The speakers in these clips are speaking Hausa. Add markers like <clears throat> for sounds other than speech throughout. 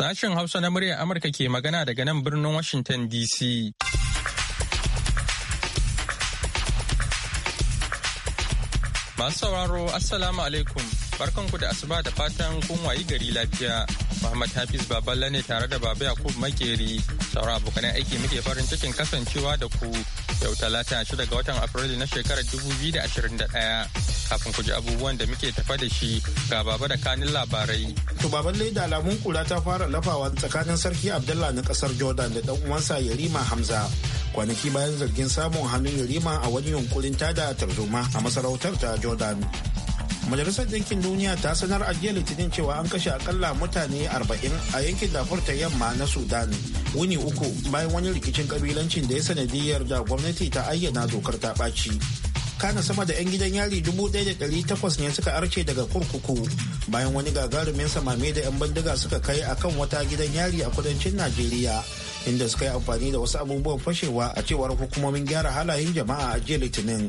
Sashen Hausa na muryar Amurka ke magana daga nan birnin Washington DC. Masu sauraro, Assalamu alaikum, barkanku da asuba da fatan kun wayi gari lafiya. Muhammad Hafiz Baballa ne tare da Baba Yakub Makeri. Sauran abokanan aiki muke farin cikin kasancewa da ku yau talata shi daga watan Afrilu na shekarar 2021. Kafin ku ji abubuwan da muke tafa da shi ga Baba da kanin labarai. To Baballe da alamun kura ta fara lafawa tsakanin Sarki Abdullah na kasar Jordan da dan uwansa Yarima Hamza. Kwanaki bayan zargin samun hannun Yarima a wani yunkurin tada tarzoma a masarautar ta Jordan. majalisar Dinkin duniya ta sanar a jiya litinin cewa an kashe akalla mutane 40 a yankin dafur ta yamma na sudan wuni uku bayan wani rikicin kabilancin da ya sanadiyar da gwamnati ta ayyana dokar ta ɓaci kana sama da 'yan gidan yari 1,800 ne suka arce daga kurkuku bayan wani gagarumin samame da 'yan bandiga suka kai a kan wata gidan yari a kudancin najeriya inda suka yi amfani da wasu abubuwan fashewa a cewar hukumomin gyara halayen jama'a a jiya litinin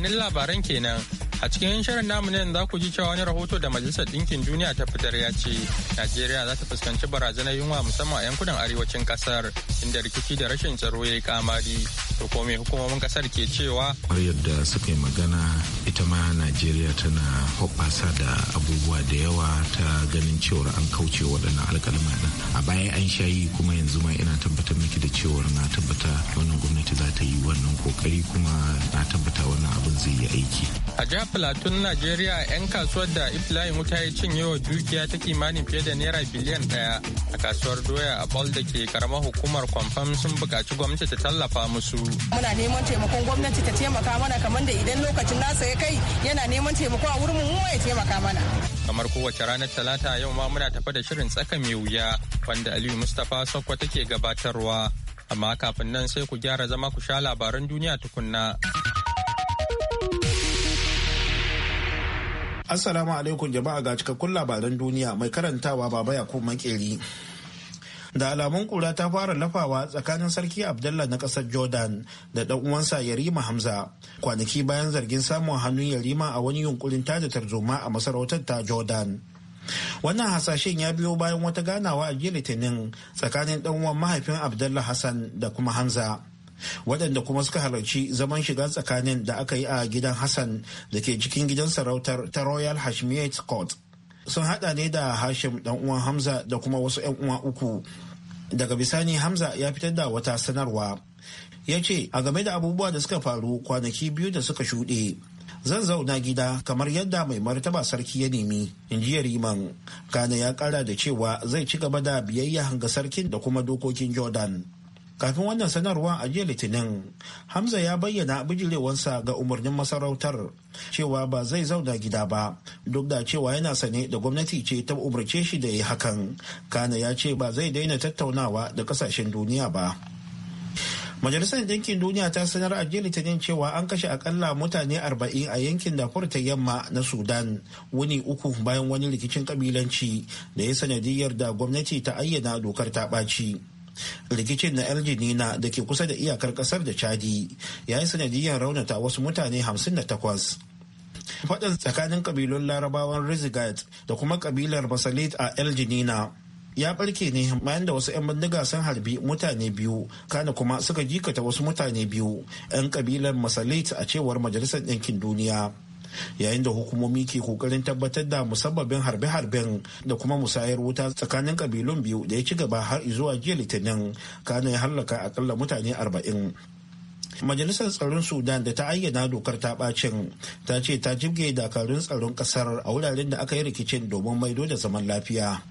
kanin labaran kenan a cikin shirin namu ne za ku ji cewa wani rahoto da majalisar ɗinkin duniya ta fitar ya ce najeriya za ta fuskanci barazanar yunwa musamman a yankunan arewacin kasar inda rikici da rashin tsaro ya yi kamari to hukumomin kasar ke cewa har yadda suka yi magana ita ma najeriya tana hoɓasa da abubuwa da yawa ta ganin cewar an kauce waɗannan alƙalma ɗin a baya an sha yi kuma yanzu ma ina tabbatar miki da cewar na tabbata wannan gwamnati za ta yi wannan kokari kuma na tabbata wannan abin zai yi aiki a jihar platon najeriya 'yan kasuwar da iflayin wuta ya cinye wa dukiya ta kimanin fiye da naira biliyan ɗaya a kasuwar doya a bal da ke karamar hukumar kwamfam sun buƙaci gwamnati ta tallafa musu muna neman taimakon gwamnati ta taimaka mana kamar da idan lokacin nasa ya kai yana neman taimako a wurin mu ya taimaka mana kamar kowace ranar talata yau ma muna tafa da shirin tsaka mai wuya wanda aliyu mustapha sokwa take gabatarwa amma kafin nan sai ku gyara zama ku sha labaran duniya tukunna Assalamu alaikum jama'a ga cikakkun labaran duniya mai karantawa baba ya makeri da alamun kura ta fara lafawa tsakanin sarki abdullah na kasar jordan da dan uwansa yarima hamza kwanaki bayan zargin samun hannun yarima a wani yunkurin tada tarzoma a masarautar ta jordan wannan hasashen ya biyo bayan wata ganawa a jiya litinin tsakanin dan uwan mahaifin abdullah hassan da kuma hamza waɗanda kuma suka halarci zaman shiga tsakanin da aka yi a gidan hassan da ke cikin gidan sarautar ta royal hashmiyat court sun hada ne da hashim dan uwan hamza da kuma wasu 'yan uwa uku daga bisani hamza ya fitar da wata sanarwa ya ce a game da abubuwa da suka faru kwanaki biyu da suka shuɗe zan zauna gida kamar yadda mai martaba sarki ya nemi inji riman kana ya kara da cewa zai ci gaba da biyayya ga sarkin da kuma dokokin jordan kafin wannan sanarwa a jiya litinin hamza ya bayyana bijirewansa ga umarnin masarautar cewa ba zai zauna gida ba duk da cewa yana sane da gwamnati ce ta umarce shi da ya hakan kana ya ce ba zai daina tattaunawa da kasashen duniya ba Majalisar ɗinkin Duniya ta sanar a jiya Litinin cewa an kashe akalla mutane 40 a yankin da ta yamma na Sudan wuni uku bayan wani rikicin kabilanci da ya sanadiyar da gwamnati ta ayyana dokar ta ɓaci. rikicin na el jinina da ke kusa da iyakar kasar da chadi ya yi sanadiyar raunata wasu mutane 58 faɗin tsakanin kabilun larabawan rizigat da kuma kabilar basalit a el jinina ya ɓarke ne bayan da wasu 'yan bindiga sun harbi mutane biyu kana kuma suka jikata wasu mutane biyu 'yan kabilar masalit a cewar majalisar ɗinkin duniya yayin da hukumomi ke kokarin tabbatar da musabbabin harbe-harben da kuma musayar wuta tsakanin kabilun biyu da ya ci gaba har zuwa jiya litinin kana ya hallaka akalla mutane arba'in majalisar tsaron sudan da ta ayyana dokar ta bacin ta ce ta jibge dakarun tsaron kasar a wuraren da aka yi rikicin domin maido da zaman lafiya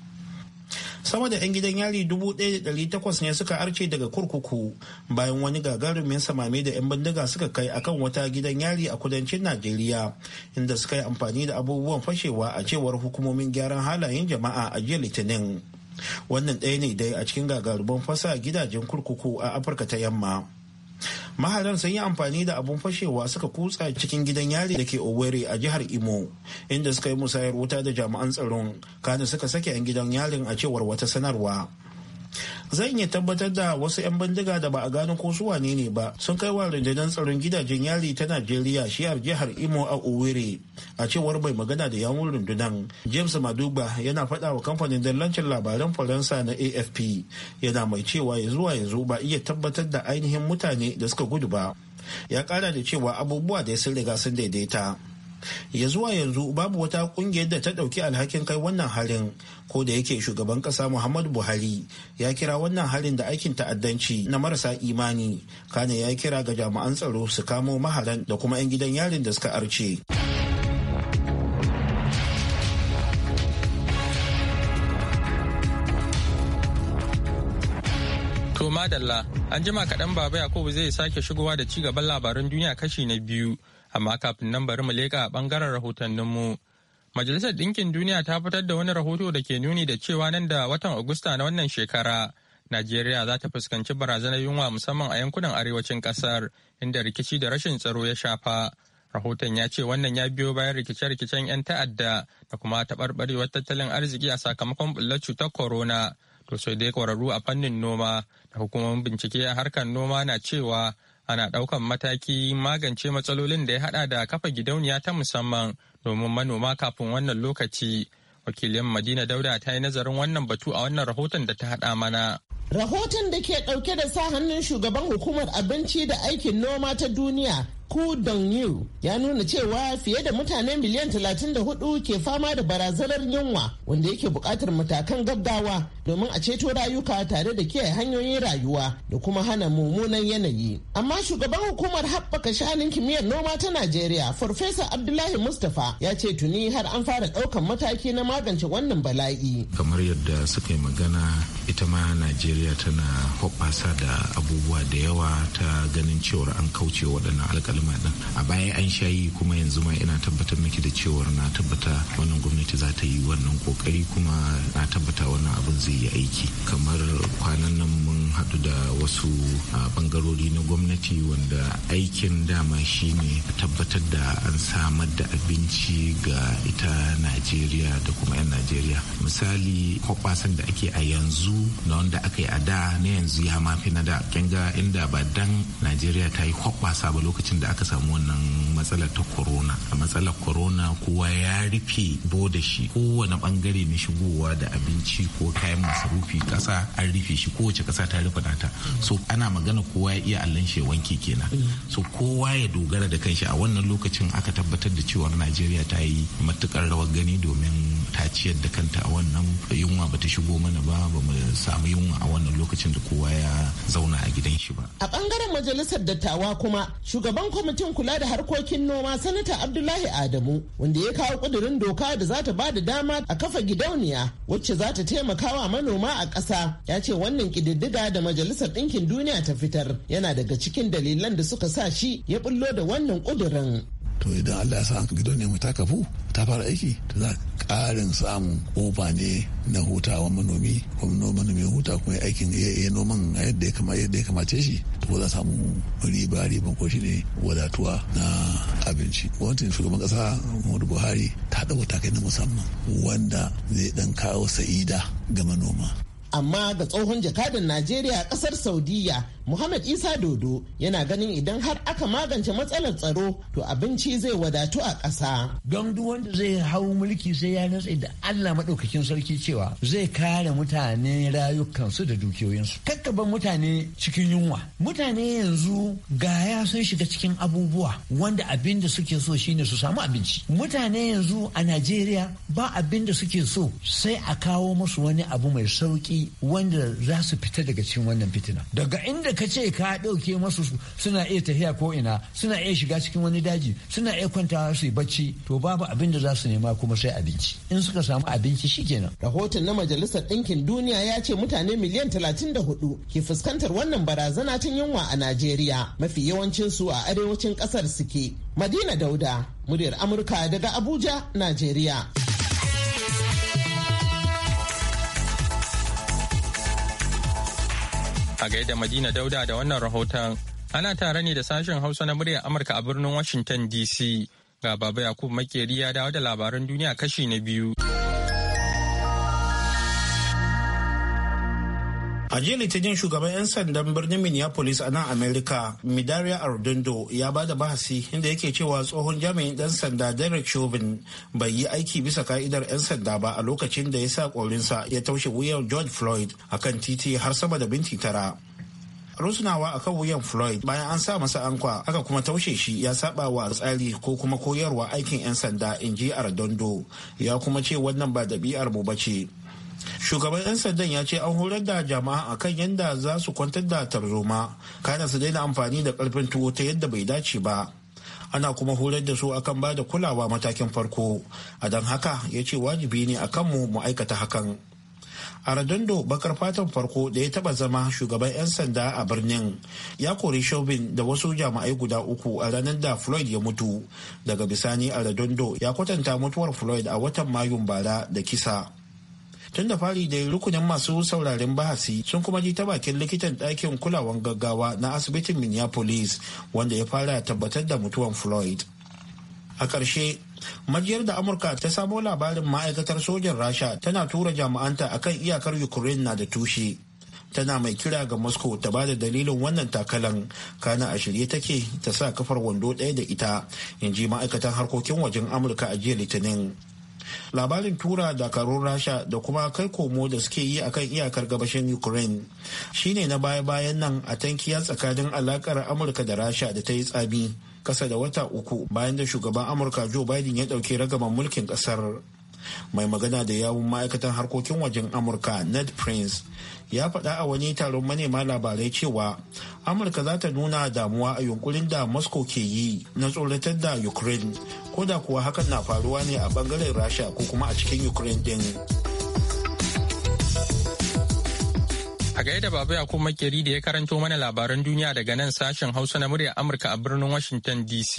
sama da 'yan gidan yari 1,800 ne suka arce daga kurkuku bayan wani gagarumin samame da 'yan bindiga suka kai akan wata gidan yari a kudancin najeriya inda suka yi amfani da abubuwan fashewa a cewar hukumomin gyaran halayen jama'a a jiya litinin wannan ɗaya ne dai a cikin gagarumin fasa gidajen kurkuku a afirka ta yamma maharan sun yi amfani da abun fashewa suka kutsa cikin gidan yari da ke owerri a jihar imo inda suka yi musayar wuta da jami'an tsaron kada suka sake 'yan gidan yarin a cewar wata sanarwa zan iya tabbatar da wasu 'yan bindiga da ba a gano ko su wane ne ba sun kai wa rundunar tsaron gidajen yari ta najeriya shiyar jihar imo a owerri a cewar bai magana da yawun rundunar james maduba yana faɗa wa kamfanin dallancin labaran faransa na afp yana mai cewa ya zuwa yanzu ba iya tabbatar da ainihin mutane da suka gudu ba ya ƙara da cewa abubuwa da ya sun riga sun daidaita ya zuwa yanzu babu wata kungiyar da ta ɗauki alhakin kai wannan harin ko da yake shugaban ƙasa muhammadu buhari ya kira wannan harin da aikin ta'addanci na marasa imani kane ya kira ga jami'an tsaro su kamo maharan da kuma 'yan gidan yarin da suka arce To madalla, an jima kaɗan baba Yakubu zai sake shigowa da ci gaban labaran duniya kashi na biyu. amma kafin nan bari mu leƙa ɓangaren rahotanninmu. Majalisar Ɗinkin Duniya ta fitar da wani rahoto da ke nuni da cewa nan da watan Agusta na wannan shekara, Najeriya za ta fuskanci barazanar yunwa musamman a yankunan arewacin ƙasar, inda rikici da rashin tsaro ya shafa. Rahoton ya ce wannan ya biyo bayan rikice-rikicen 'yan ta'adda da kuma taɓarɓarewar tattalin arziki a sakamakon ɓullar cutar corona. To sai dai ƙwararru a fannin noma da hukumomin bincike a harkar noma na cewa ana ɗaukan mataki magance matsalolin da ya haɗa da kafa gidauniya ta musamman domin manoma kafin wannan lokaci. Wakilin Madina Dauda ta yi nazarin wannan batu a wannan rahoton da ta haɗa mana. Rahoton da ke ɗauke da sa hannun shugaban hukumar abinci da aikin noma ta duniya Ku Dong Yu ya nuna cewa fiye da mutane miliyan 34 ke fama da barazanar yunwa wanda yake buƙatar matakan gaggawa domin a ceto rayuka tare da kiyaye hanyoyin rayuwa da kuma hana mummunan yanayi. Amma shugaban hukumar haɓaka shanin kimiyyar noma ta Najeriya, Farfesa Abdullahi Mustapha ya ce tuni har an fara ɗaukan mataki na magance wannan bala'i. Kamar yadda suka yi magana ita ma Najeriya tana hoɓasa da abubuwa da yawa ta ganin cewa an kauce waɗannan alƙalai alƙaluma din a baya an sha yi kuma yanzu ma ina tabbatar miki da cewar na tabbata wannan gwamnati za ta yi wannan kokari kuma na tabbata wannan abin zai yi aiki kamar kwanan nan mun hadu haɗu da wasu bangarori na gwamnati wanda aikin dama shine tabbatar da an samar da abinci ga ita najeriya da kuma 'yan najeriya misali hoɓasan da ake a yanzu na wanda aka yi a da na yanzu ya mafi na da kenga inda ba dan najeriya ta yi hoɓasa ba lokacin da aka samu wannan matsalar ta corona a matsalar corona kowa ya rufe boda shi kowane bangare na shigowa da abinci ko kayan masarufi kasa an rufe shi kowace kasa ta ta rufe ta so ana magana kowa ya iya allon shi wanki kenan so kowa ya dogara da kanshi a wannan lokacin aka tabbatar da cewa najeriya ta yi matukar rawar gani domin ta ciyar da kanta a wannan yunwa ba ta shigo mana ba ba mu samu yunwa a wannan lokacin da kowa ya zauna a gidan shi ba a bangaren majalisar dattawa kuma shugaban kwamitin kula da harkokin noma sanata abdullahi adamu wanda ya kawo kudirin doka da za ta ba dama a kafa gidauniya wacce za ta taimaka wa manoma a ƙasa ya ce wannan kididdiga da majalisar ɗinkin duniya ta fitar yana daga cikin dalilan da suka sa shi ya bullo da wannan ƙudurin. to idan allah ya sa gidauniyar ne ta kafu ta fara aiki to za ƙarin samun ƙofa ne na hutawa manomi kuma manomi huta kuma aikin ya noman yadda ya kama yadda ya kamace shi to za samu riba riban ko shi ne wadatuwa na abinci gwamnatin shugaban ƙasa muhammadu buhari ta ta kai na musamman wanda zai ɗan kawo sa'ida ga manoma amma ga tsohon jakadan najeriya a kasar saudiya Muhammad Isa Dodo yana ganin idan har aka magance matsalar tsaro to abinci zai wadatu a ƙasa. Don duk wanda zai hau mulki sai ya natsa da Allah maɗaukakin sarki cewa zai kare mutane rayukansu da dukiyoyinsu. Kakkaban mutane cikin yunwa. Mutane yanzu ga ya sun shiga cikin abubuwa wanda abin da suke so shine su samu abinci. Mutane yanzu a Najeriya ba abin da suke so sai a kawo musu wani abu mai sauki wanda za su fita daga cikin wannan fitina. Daga inda ka ce ka ɗauke masu suna iya tafiya ko ina suna iya shiga cikin wani daji suna iya kwantawa su yi bacci to babu abin da za su nema kuma sai abinci in suka samu abinci shikenan rahoton na majalisar ɗinkin duniya ya ce mutane miliyan talatin da hudu ke fuskantar wannan barazana tun yunwa a najeriya mafi yawancin su a arewacin ƙasar suke madina dauda muryar amurka daga abuja najeriya A gaida Madina Dauda da wannan rahoton ana tare ne da sashen Hausa na muryar Amurka a birnin Washington DC. Ga Baba Yakubu Makeri ya dawo da labaran duniya kashi na biyu. A jiya Litinin shugaban 'yan sandan birnin Minneapolis a nan Amerika, Midaria Arredondo ya ba da bahasi inda yake cewa tsohon jami'in ɗan sanda Derek Chauvin bai yi aiki bisa ka'idar 'yan sanda ba a lokacin da ya sa ƙorinsa ya taushe wuyan George Floyd a kan titi har sama da binti tara. rusunawa a kan wuyan floyd bayan an sa masa ankwa aka kuma taushe shi ya saba wa tsari ko kuma koyarwa aikin 'yan sanda in ji ardondo ya kuma ce wannan ba dabi'ar mu ba ce. shugaban 'yan sandan ya ce an horar da jama'a akan yadda za su kwantar da tarzoma kada su daina amfani da karfin tuwo ta yadda bai dace ba ana kuma horar da su akan ba da kulawa matakin farko a don haka ya ce wajibi ne akan mu mu aikata hakan a radondo bakar fatan farko da ya taba zama shugaban 'yan sanda a birnin ya kori shobin da wasu jami'ai guda uku a ranar da floyd ya mutu daga bisani a radondo ya kwatanta mutuwar floyd a watan mayun bara da kisa tun da fari dai rukunin masu sauraren bahasi sun kuma ji ta bakin likitan ɗakin kulawan gaggawa na asibitin minneapolis wanda ya fara tabbatar da mutuwan floyd a ƙarshe majiyar da amurka ta samo labarin ma'aikatar sojan rasha tana tura jami'anta kan iyakar ukraine na da tushe tana mai kira ga moscow ta ba da dalilin wannan takalan kana a shirye take ta sa kafar wando ɗaya da ita in ji ma'aikatan harkokin wajen amurka a jiya litinin labarin tura dakarun rasha da kuma kai komo da suke yi akan iyakar gabashin ukraine shine na baya-bayan nan a tankiya tsakanin alakar amurka da rasha da ta yi tsami kasa da wata uku bayan da shugaban amurka joe biden ya dauki ragaman mulkin kasar mai magana da yawun ma'aikatan harkokin wajen amurka ned prince ya faɗa a wani taron manema labarai cewa amurka za ta nuna damuwa a yunkurin da moscow ke yi na tsoratar da ukraine ko da kuwa hakan na faruwa ne a bangaren rasha ko kuma a cikin ukraine din a gaida baba babu yakun makeri da ya karanto mana labaran duniya daga nan sashen hausa na murya amurka a birnin washington dc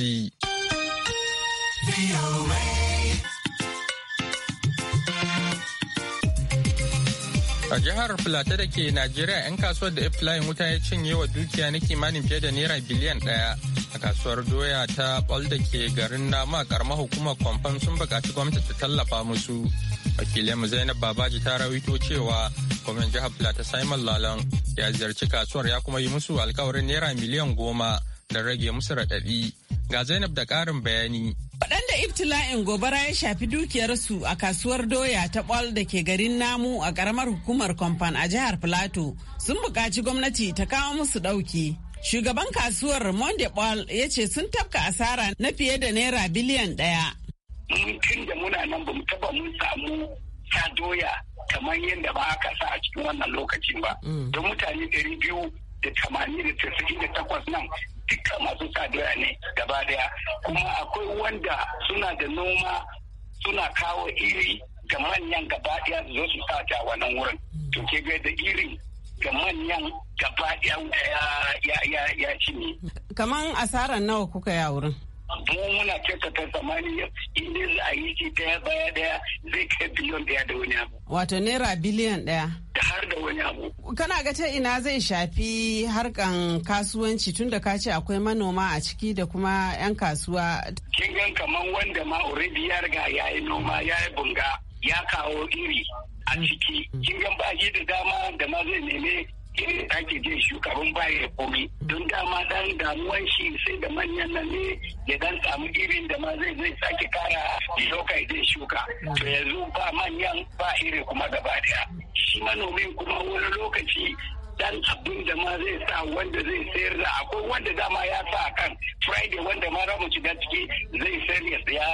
A jihar Filata da ke Najeriya 'yan kasuwar da iflayin wuta ya cinye wa dukiya na kimanin fiye da naira biliyan ɗaya a kasuwar doya ta bal da ke garin nama karamar hukumar kwamfan sun buƙaci gwamnati ta tallafa musu. Wakilai mu Zainab Babaji ta rawito cewa gwamnan jihar Filata Simon Lalon ya ziyarci kasuwar ya kuma yi musu alkawarin naira miliyan goma don rage musu raɗaɗi. Ga Zainab da ƙarin bayani. Waɗanda ibtila'in gobara ya shafi dukiyarsu a kasuwar doya ta ɓol da ke garin namu a ƙaramar hukumar kwamfan a jihar Filato sun buƙaci gwamnati ta kawo musu ɗauki. Shugaban kasuwar Monde Ball ya ce sun tafka asara na fiye da naira biliyan ɗaya. Tun da muna nan ba mu taba mun samu ta doya kamar yadda ba aka sa a cikin wannan lokacin ba. Mm. Don mutane ɗari biyu da tamanin da nan duka masu sa doya ne gaba daya kuma akwai wanda suna da noma suna kawo iri ga manyan gaba daya su zo su sace wannan wurin to ke ga da iri ga manyan gaba daya ya ya ya ya shi ne kaman asaran nawa kuka ya wurin mu muna kyautata tsammani inda za a yi shi daya baya daya zai kai biliyon daya da wani abu. Wato naira biliyon daya. Da har da wani abu. Kana ga ta ina zai shafi harkan kasuwanci tunda ka ce akwai manoma a ciki da kuma 'yan kasuwa. Kin gan kaman wanda ma already ya riga ya yi noma ya yi bunga ya kawo iri a ciki. Mm. Kin gan ba da dama da ma zai neme ya sake shuka shugaban baya ya komi don dama dan damuwan shi sai da manyan nan ne ya dan samu irin da ma zai zai sake kara loka ya shuka to yanzu ba manyan ba iri kuma gaba daya shi manomin kuma wani lokaci dan abin da ma zai sa wanda zai sayar da akwai wanda dama ya sa kan friday wanda ma ramu shiga ciki zai sayar ya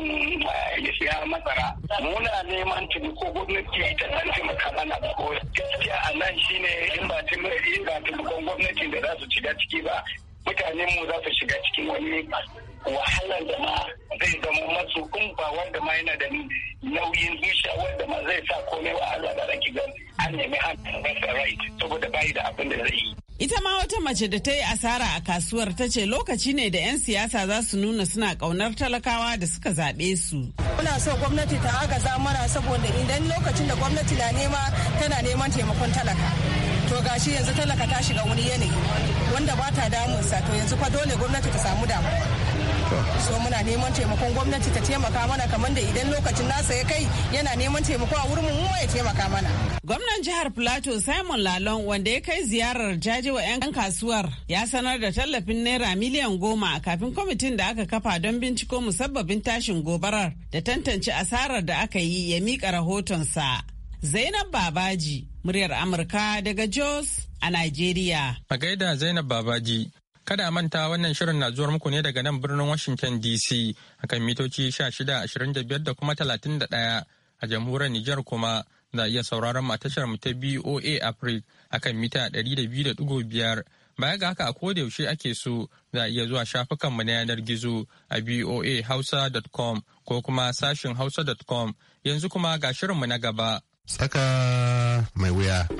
mutum eh, ya siya masara muna neman ko gwamnati ta san taimaka mana ko gaskiya a nan shine in ba taimakon gwamnati da za su shiga ciki ba mutanen mu za su shiga cikin wani wahalar da ma zai zama masu in wanda ma yana da nauyin zuciya wanda ma zai sa komai Allah da raki gan an nemi hannun right saboda bai da abin da zai yi. Ita ma wata mace da ta yi asara a kasuwar ta ce lokaci ne da 'yan siyasa za su nuna suna kaunar talakawa da suka zaɓe su. Muna so gwamnati ta agaza mana saboda idan lokacin da gwamnati na nema tana neman taimakon talaka. To gashi yanzu talaka ta shiga wani yanayi wanda ba ta damunsa to yanzu fa dole gwamnati ta samu damuwa. so muna neman taimakon gwamnati ta taimaka mana kamar da idan lokacin nasa ya kai yana neman taimako a wurin mu ya taimaka mana gwamnan jihar plateau simon lalon wanda ya kai ziyarar jaje wa 'yan kasuwar ya sanar da tallafin naira miliyan goma kafin kwamitin da aka kafa don binciko musabbabin tashin gobarar da tantance asarar da aka yi ya mika rahotonsa zainab babaji muryar amurka daga jos a nigeria a gaida zainab babaji Kada a manta wannan shirin na zuwar muku ne daga nan birnin Washington DC akan mitoci 1625 da kuma 31 a jamhuriyar Nijar kuma za a iya sauraron tashar mu ta BOA Africa akan mita 200.5 baya ga haka a koda yaushe ake so za a iya zuwa shafukanmu na yanar gizo a boahausa.com ko kuma sashin hausa.com yanzu kuma ga shirinmu na gaba. Saka mai wuya.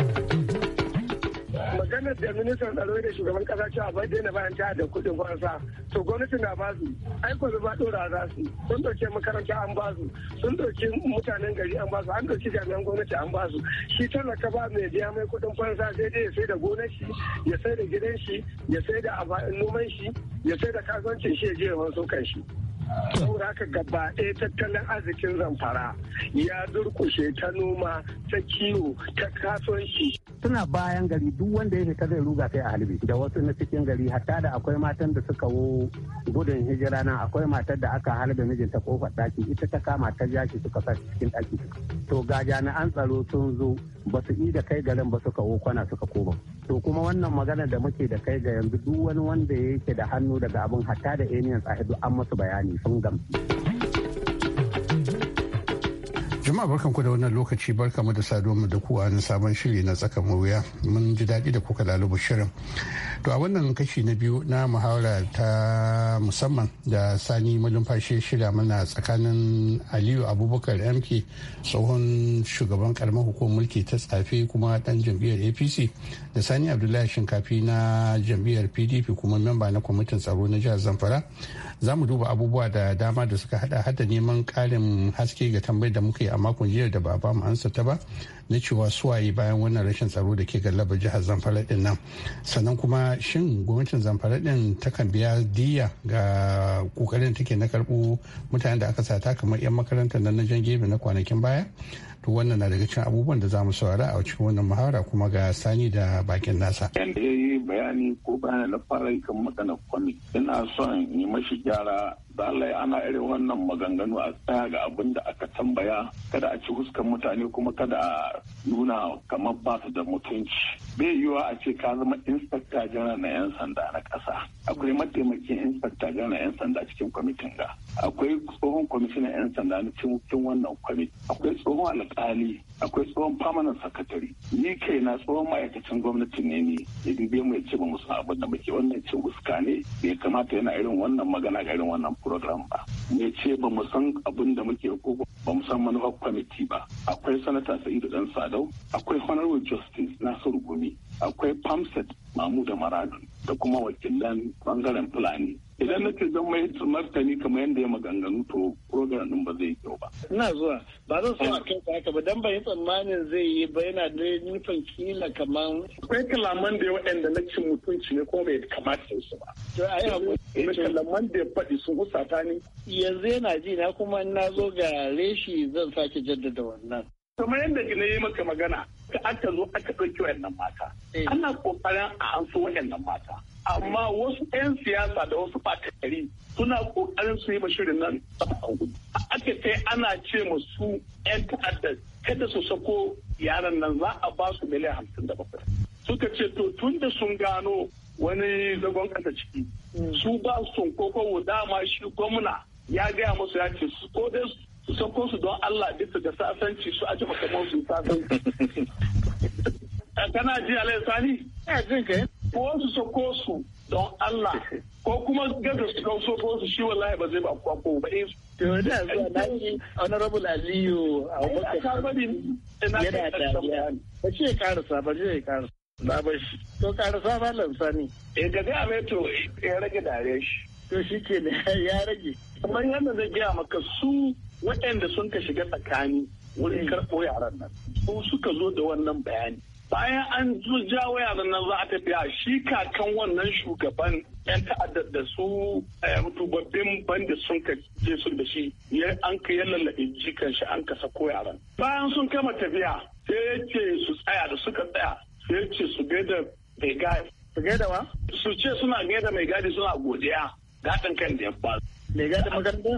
maganar da ministan tsaro da shugaban kasa cewa bai daina bayan ta da kudin fansa to gwamnati na ba su aiko su ba dora za su sun dauke makaranta an ba su sun dauki mutanen gari an ba su an dauke jami'an gwamnati an ba su shi tallaka ba mai biya mai kudin fansa sai dai ya sai da gonar shi ya sai da gidan shi ya sai da noman shi ya sai da kasuwancin shi ya je ya so kan shi saboda haka gaba ɗaya tattalin arzikin zamfara ya durkushe ta noma ta kiwo ta kasuwanci suna bayan gari duk wanda ya fita zai ruga sai a halibi da wasu na cikin gari hatta da akwai matan da suka wo gudun hijira nan akwai matar da aka mijin mijinta kofar daki ita ta kama ta jaki suka sa cikin daki to ga jami'an tsaro sun zo ba su yi da kai garin ba suka wo kwana suka koma to kuma wannan magana da muke da kai ga yanzu duk wani wanda yake da hannu daga abin hatta da aliens a an musu bayani sun gamsu. Jama'a barkan ku da wannan lokaci barka mu da saduwa mu da kuwa na sabon shiri na tsakan wuya mun ji daɗi da kuka lalubu shirin. To a wannan kashi na biyu na muhawara ta musamman da Sani malumfashi shirya mana tsakanin Aliyu Abubakar MK tsohon shugaban karamar hukumar mulki ta tsafe kuma dan jam'iyyar APC da Sani Abdullahi Shinkafi na jam'iyyar PDP kuma memba na kwamitin tsaro na jihar Zamfara. Za mu duba abubuwa da dama da suka hada hada neman ƙarin haske ga tambayar da muka yi a makon jiya da ba a bamu ansa ta ba na cewa suwaye bayan wannan rashin tsaro da ke gallaba jihar zamfara din nan sannan kuma shin gwamnatin zamfara din takan biya diya ga kokarin take na karbo mutanen da aka sata kamar yan makarantar nan na jan gebe na kwanakin baya to wannan na daga cikin abubuwan da za mu saurara a cikin wannan muhawara kuma ga sani da bakin nasa yanda ya yi bayani ko bayana na fara kan magana kwami ina son yi mashi gyara zalai ana irin wannan maganganu a tsaya ga abin da aka tambaya kada a ci huskan mutane kuma kada a nuna kamar ba su da mutunci bai yiwuwa a ce ka zama inspector general na yan sanda na kasa. akwai mataimakin inspector general na yan sanda cikin kwamitin ga akwai tsohon kwamishinan 'yan sanda na cikin wannan kwamiti akwai tsohon alkali akwai tsohon permanent sakatari ni kai na tsohon ma'aikacin gwamnati ne ni ya dube mai ce ba musu abin da muke wannan cin uska ne da kamata yana irin wannan magana ga irin wannan program ba mai ce ba mu san abin da muke ko ba mu san manufar kwamiti ba akwai sanata sa'idu dan sadau akwai honorable justice nasiru gumi akwai pamset mamu da maradun da kuma wakilan bangaren fulani idan na ce don mai martani kamar yadda ya maganganu to program din ba zai kyau ba ina zuwa ba zan sa eh. kai ba haka ba dan ban yi tsammanin zai yi ba yana da nufin kila kamar akwai kalaman da waɗanda na cin mutunci ne ko bai kamata su ba to a yi eh, eh, kalaman da ya faɗi sun husata ne yanzu yana ji na kuma na zo ga reshi zan sake jaddada wannan kamar yadda na yi maka magana aka zo aka ɗauki waɗannan mata ana ƙoƙarin a an so waɗannan mata amma wasu 'yan siyasa da wasu fatari suna kokarin su yi shirin nan a aka kai ana ce su 'yan ta'adda kada su sako yaran nan za a ba su miliyan hamsin da bakwai suka ce to tun da sun gano wani zagon kasa ciki su ba su koko dama shi gwamna ya gaya musu ya ce su ko su sako su don Allah bisa ga sasanci su aji makamman su sasanci <laughs> kana ji alai Ya eh, jin kai. ko su sako su don Allah ko kuma gaza su kan soko su shi wallahi ba zai ba kwako ba eh to da zuwa naki honorable Aliyu a wakilin yana da ba shi ya karasa ba shi ya karasa na ba shi to karasa ba lansani eh ga ga mai to ya rage dare shi to shi ke <laughs> ya rage kamar yadda zai gaya maka su waɗanda sun ka shiga tsakani wurin eh. karɓo yaran nan su suka zo da wannan bayani bayan an waya da nan za a tafiya shi kakan wannan shugaban yan ta'addar da su eh, babbin bandi sun ka je su da shi an ka yallallaɓe jikan shi an ka sako yaran bayan sun kama tafiya sai ya ce su tsaya da suka tsaya sai ya ce su gaida mai gadi su gaida wa su ce suna gaida mai gadi suna godiya gadin kan da ya ba mai gadi makaranta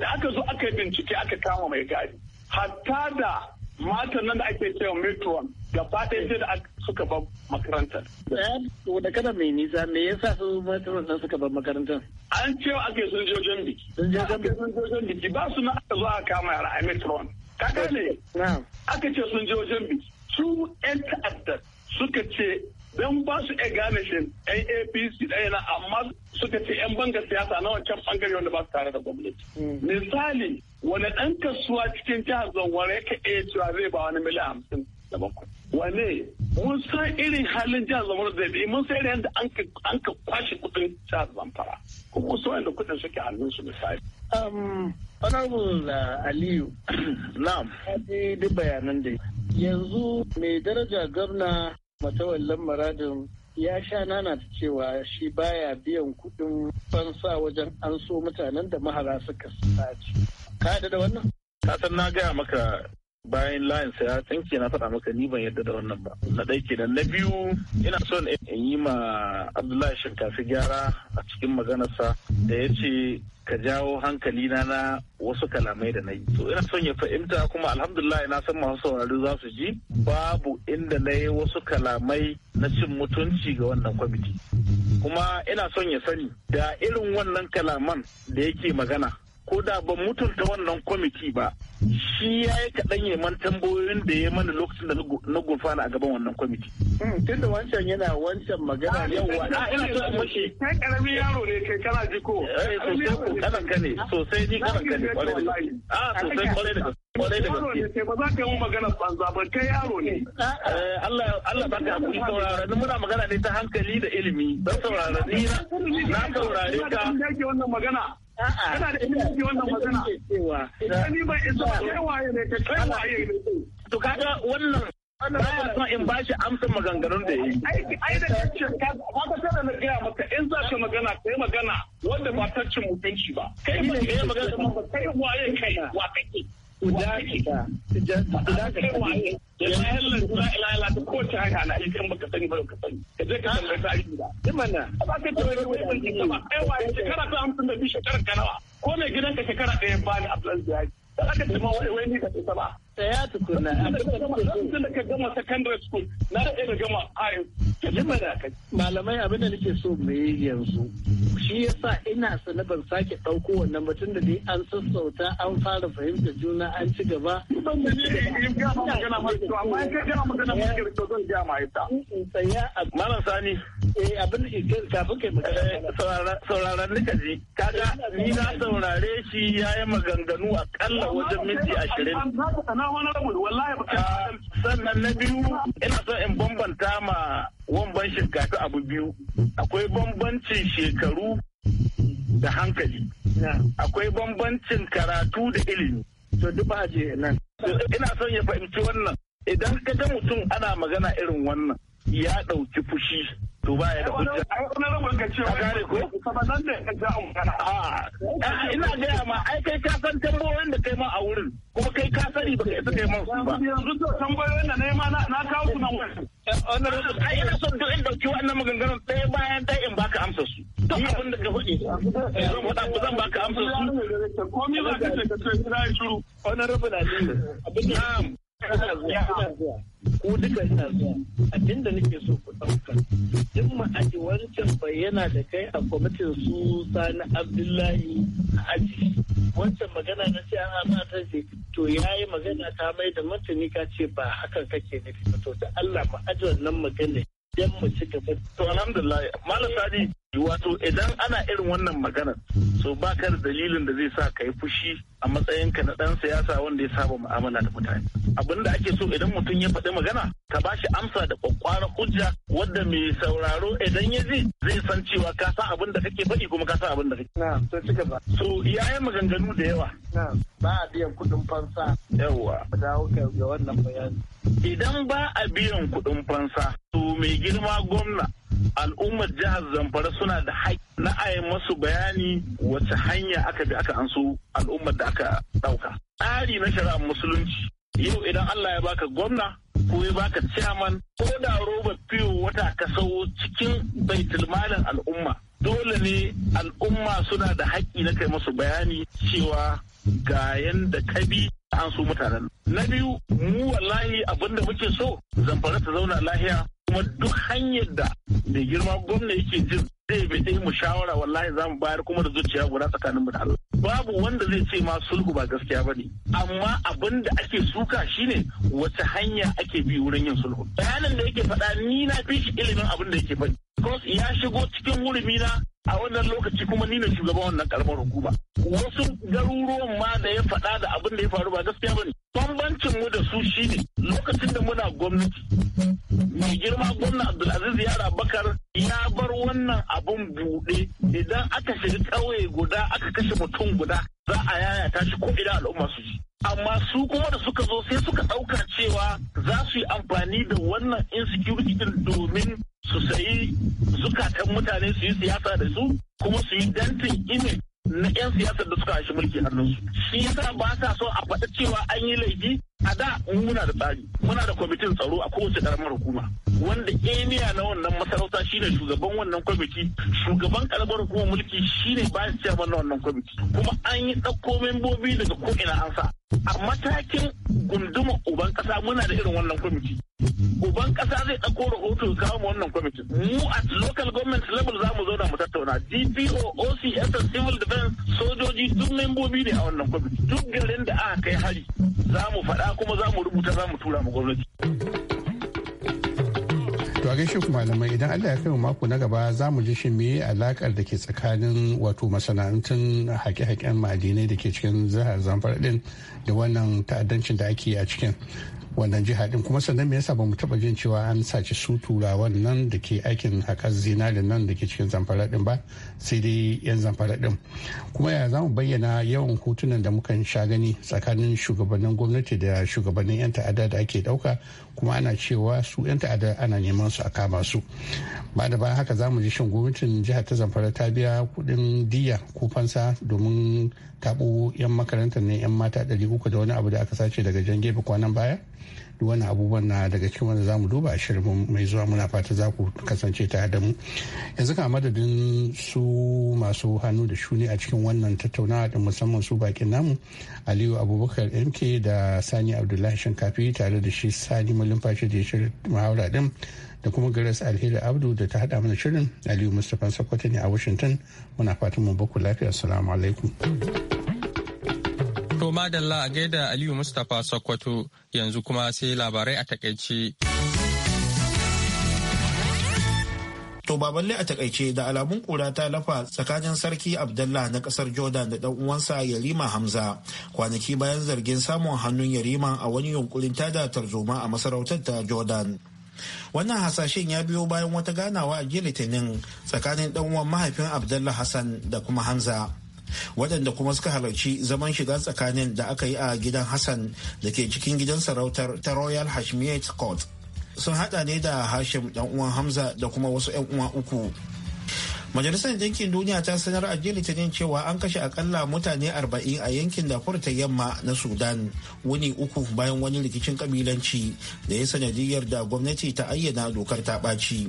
da aka zo aka yi bincike aka kama mai gadi hatta da matan nan da ake cewa mutuwan ga fata sai da suka bar makarantar. Eh, da kada mai nisa me yasa su matan nan suka ba makarantar? An cewa ake sun jojon biki. Sun jojon biki ba su na aka zo a kama yara a metron. Kaka ne? Aka ce sun jojon biki. Su 'yan ta'addar suka ce don ba su iya gane shi yan apc ɗaya na amma suka ce yan banga siyasa na wancan bangare wanda ba su tare da gwamnati hmm. misali wani ɗan kasuwa cikin jihar zangwara yake iya cewa zai ba wani miliyan hamsin da bakwai wane mun san irin halin jihar zamfara zai bi mun san irin yadda an ka kwashe kuɗin jihar zamfara kuma so yadda kuɗin suke hannun su misali. Um, honorable uh, aliyu <clears throat> na'am ji duk bayanan da yanzu mai daraja gwamna matawallan maradin ya sha nana da cewa shi baya biyan kuɗin fansa wajen an so mutanen da mahara suka sace. Ka da wannan? Ka san na gaya maka bayan layin sa ya tsinke na faɗa maka ni ban yadda da wannan ba na ɗai kenan na biyu ina son in yi ma abdullahi shinkafi gyara a cikin maganarsa da ya ce ka jawo hankali na na wasu kalamai da na yi to ina son ya fahimta kuma alhamdulillah na san masu saurari za su ji babu inda na yi wasu kalamai na cin mutunci ga wannan kwamiti kuma ina son ya sani da irin wannan kalaman da yake magana ko da ban mutunta wannan kwamiti ba shi ya yi kaɗan ya man tambayoyin da ya mana lokacin da na gurfana a gaban wannan kwamiti. Hmm, tun da wancan yana wancan magana ah, yawa wa. Ah, ina so in mashi kai karamin yaro ne kai kana jiko eh, eh sosai ko kanan ka ne sosai ni kanan ka ne kwarai da a sosai kwarai da kwarai da gaske ah, ba za ka yi magana banza ba kai yaro ne eh, Allah Allah ba ka hakuri saurara ni muna magana ne ta hankali da ilimi Ba saurara ni na saurare ka wannan magana Kana da ilimi wannan magana. Idan ni ba isa kai waye ne ka kai waye ne. To kaga wannan baya son in ba shi amsar maganganun da yi. Ai da kace ba ka tana na gaya maka in za ka magana kai magana wanda ba ta cin mutunci ba. Kai ba kai magana kai waye kai wa kake. ulaika ulaika Yanayin lura ilala ta kowace ka sani. Ka je ka da. ka tambayi wani wani sama. Aiwa shekara da Ko mai gidanka shekara ɗaya ba ni a plan da yaki. Da aka ce wani wani ka ce sama. Tsaya tukuna. Abin da ka gama secondary school na da da gama high Malamai abin da nake so mu yi yanzu shi ya sa ina sana ban sake ɗauko wannan batun da dai an sassauta an fara fahimtar juna an ci gaba. Ban da ne in ga magana mai kyau amma in kai gana magana mai kyau zan ja ma ita. Tsaya a Malam Sani. Eh abin da kafin kai magana. Eh, sauraron nika ji. Kaga ni na saurare shi ya yi maganganu akalla wajen minti ashirin. na wani wallahi ba sannan na biyu ina so in bambanta ma wamban shinkafi abu biyu akwai bambancin shekaru da hankali akwai bambancin karatu da ilimi to duk ba nan ina son ya fahimci wannan idan ka ga mutum ana magana irin wannan ya ɗauki fushi to ba ya da hujja ka gane ko ah, eh, ina gaya ma ai kai ka san tambayoyin da kai ma a wurin kuma kai ka sani ba kai kai ma su ba yanzu to tambayoyin da ma na kawo su nan eh, ai ina son duk in dauki wannan maganganun ɗaya bayan ɗaya in baka amsa su duk abin da ka faɗi eh, zan faɗa ku zan baka amsa su komai ba ka ce ka ce kira shiru honorable ali abin da Ina zuwa, zuwa. Ko duka ina zuwa. abinda nake so ku ɗauka. Duk ma'aji wancan bayyana da kai a kwamitin su Sani Abdullahi a aji. Wancan magana na ce ana ta ce to ya yi magana ta mai da martani ka ce ba hakan kake nufi ba to da Allah ma'aji wannan magana. Idan mu ci gaba. To alhamdulillah. Malam Sadi wato idan ana irin wannan maganar so ba ka da dalilin da zai sa ka yi fushi a matsayinka na ɗan siyasa wanda ya saba mu'amala da mutane abin da ake so idan mutum ya faɗi magana ka ba shi amsa da kwakwara hujja wadda mai sauraro idan ya ji zai san cewa ka san abin da kake faɗi kuma ka san abin da kake so ci gaba so yayan maganganu da yawa ba a biyan kuɗin fansa yawa dawo ga wannan bayani idan ba a biyan kuɗin fansa to mai girma gwamna al'ummar jihar zamfara suna da haƙƙi na a masu bayani wace hanya aka bi aka ansu al'ummar da aka ɗauka. Tsari na shari'ar musulunci yau idan Allah ya baka gwamna ko ya baka ciyaman ko da roba fiyo wata ka sau cikin baitulmalin al'umma dole ne al'umma suna da haƙƙi na kai musu bayani cewa ga yanda bi an su mutanen. Na biyu mu wallahi abin da muke so zamfara ta zauna lahiya kuma duk hanyar da mai girma gwamna yake jin zai bai mu shawara wallahi za mu bayar kuma da zuciya guda tsakanin da Allah. babu wanda zai ce ma sulhu ba gaskiya ba ne amma abin da ake suka shine wace hanya ake bi wurin yin sulhu Bayanan da yake faɗa ni na fi shi ilimin abin da yake faɗi ya shigo cikin wurimi na a wannan lokaci kuma ni ne shugaban wannan karamar hukuma wasu garuruwan ma da ya faɗa da abin da ya faru ba gaskiya bane bambancin mu da su shine lokacin da muna gwamnati mai girma gwamna Abdulaziz Yara Bakar ya bar wannan abun buɗe idan aka shiga ƙauye guda aka kashe mutum guda za a yayata shi ko idan al'umma su ji amma su kuma da suka zo sai suka ɗauka cewa za su yi amfani da wannan insecurity din domin su sayi zukatan mutane su yi siyasa da su kuma su yi dantin image na 'yan siyasar da suka haishi mulki hannunsu shi yasa ba sa so a faɗa cewa an yi laifi a da muna da tsari muna da kwamitin tsaro a kowace karamar hukuma wanda eniya na wannan masarauta shine shugaban wannan kwamiti shugaban ƙaramar hukumar mulki shine bayan chairman na wannan kwamiti kuma an yi ɗauko membobi daga ko'ina an sa a matakin gunduma uban ƙasa muna da irin wannan kwamiti uban kasa zai ɗauko rahoto kawo wannan kwamitin mu a local government level za mu zauna mu tattauna dpo ocs civil defense sojoji duk membobi ne a wannan kwamitin duk garin da aka kai hari za mu faɗa kuma za mu rubuta za mu tura mu gwamnati to a gaishe kuma malamai idan Allah ya kai mu mako na gaba za mu ji shin meye alakar da ke tsakanin wato masana'antun haƙe-haƙen ma'adinai da ke cikin zahar zamfara ɗin da wannan ta'addancin da ake yi a cikin wannan jiha din kuma sannan me yasa bamu taba jin cewa an sace su turawan nan da ke aikin haƙar zinari nan da ke cikin zamfara din ba sai dai yan zamfara din kuma ya za mu bayyana yawan hotunan da mukan sha gani tsakanin shugabannin gwamnati da shugabannin yan ta'adda da ake dauka kuma ana cewa su yan ta'adda ana neman su a kama su ba da bayan haka za mu ji shin gwamnatin jihar ta zamfara ta biya kudin diya ko fansa domin tabo yan makarantar ne yan mata 300 da wani abu da aka sace daga jan gefe kwanan baya wani abubuwan na daga cikin wanda za mu duba a shirin mai zuwa muna fata za ku kasance ta da mu yanzu ka madadin su masu hannu da shuni a cikin wannan tattaunawa din musamman su bakin namu aliyu abubakar mk da sani abdullahi shinkafi tare da shi sani malumfashi da ya shirya mahaura din da kuma garas alheri abdu da ta hada mana shirin aliyu mustapha sakwata ne a washington muna fatan mu baku lafiya assalamu alaikum To madalla a gaida Aliyu Mustapha Sokoto yanzu kuma sai labarai a takaice. To ba balle a takaice da alamun kura ta lafa tsakanin sarki Abdullah na kasar Jordan da dan uwansa Yarima Hamza kwanaki bayan zargin samun hannun Yarima a wani yunkurin tada tarzoma a masarautar ta Jordan. Wannan hasashen ya biyo bayan wata ganawa a jiya Litinin tsakanin dan uwan mahaifin Abdullah Hassan da kuma Hamza. waɗanda kuma suka halarci zaman shiga tsakanin da aka yi a gidan hassan da ke cikin gidan sarautar ta royal hashmiyat court sun hada ne da hashim dan uwan hamza da kuma wasu 'yan uwa uku majalisar dinkin duniya ta sanar a jiya litinin cewa an kashe akalla mutane 40 a yankin da ta yamma na sudan wuni uku bayan wani rikicin kabilanci da ya sanadiyar da gwamnati ta ayyana dokar ta ɓaci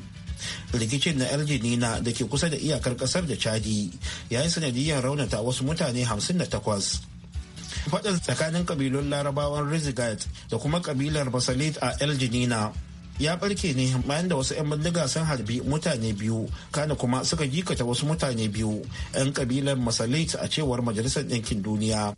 rikicin na al-jinina da ke kusa da iyakar kasar da chadi ya yi sanadiyar raunata wasu mutane 58 faɗin tsakanin kabilun larabawan rizigat da kuma kabilar basalit a eljinina ya ɓarke ne bayan da wasu 'yan bindiga sun harbi mutane biyu kana kuma suka jikata wasu mutane biyu 'yan kabilar masalit a cewar majalisar ɗinkin duniya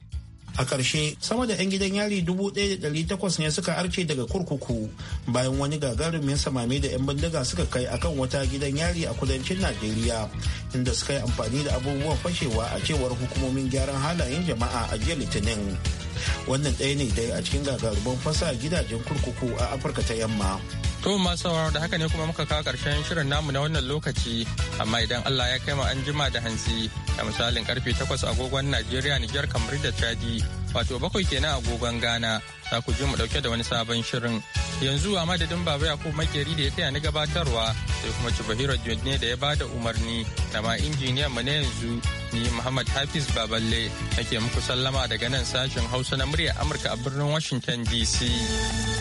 a ƙarshe sama da 'yan gidan yari 1,800 ne suka arce daga kurkuku bayan wani gagarumin samame da 'yan bindiga suka kai akan wata gidan yari a kudancin najeriya inda suka yi amfani da abubuwan fashewa a cewar hukumomin gyaran halayen jama'a a jiya litinin wannan ɗaya ne dai a cikin gagarumin fasa gidajen kurkuku a afirka ta yamma To masu sauraro da haka ne kuma muka kawo karshen shirin namu na wannan lokaci amma idan Allah ya kai mu an jima da hansi da misalin karfe 8 agogon Najeriya Nijar kamar da Chadi wato bakwai kenan agogon Ghana za ku ji mu dauke da wani sabon shirin yanzu a madadin Baba Yakubu Makeri da ya taya ni gabatarwa sai kuma Bahira ne da ya bada umarni da ma injiniyan mu na yanzu ni Muhammad Hafiz Baballe nake muku sallama daga nan sashen Hausa na muryar Amurka a birnin Washington DC.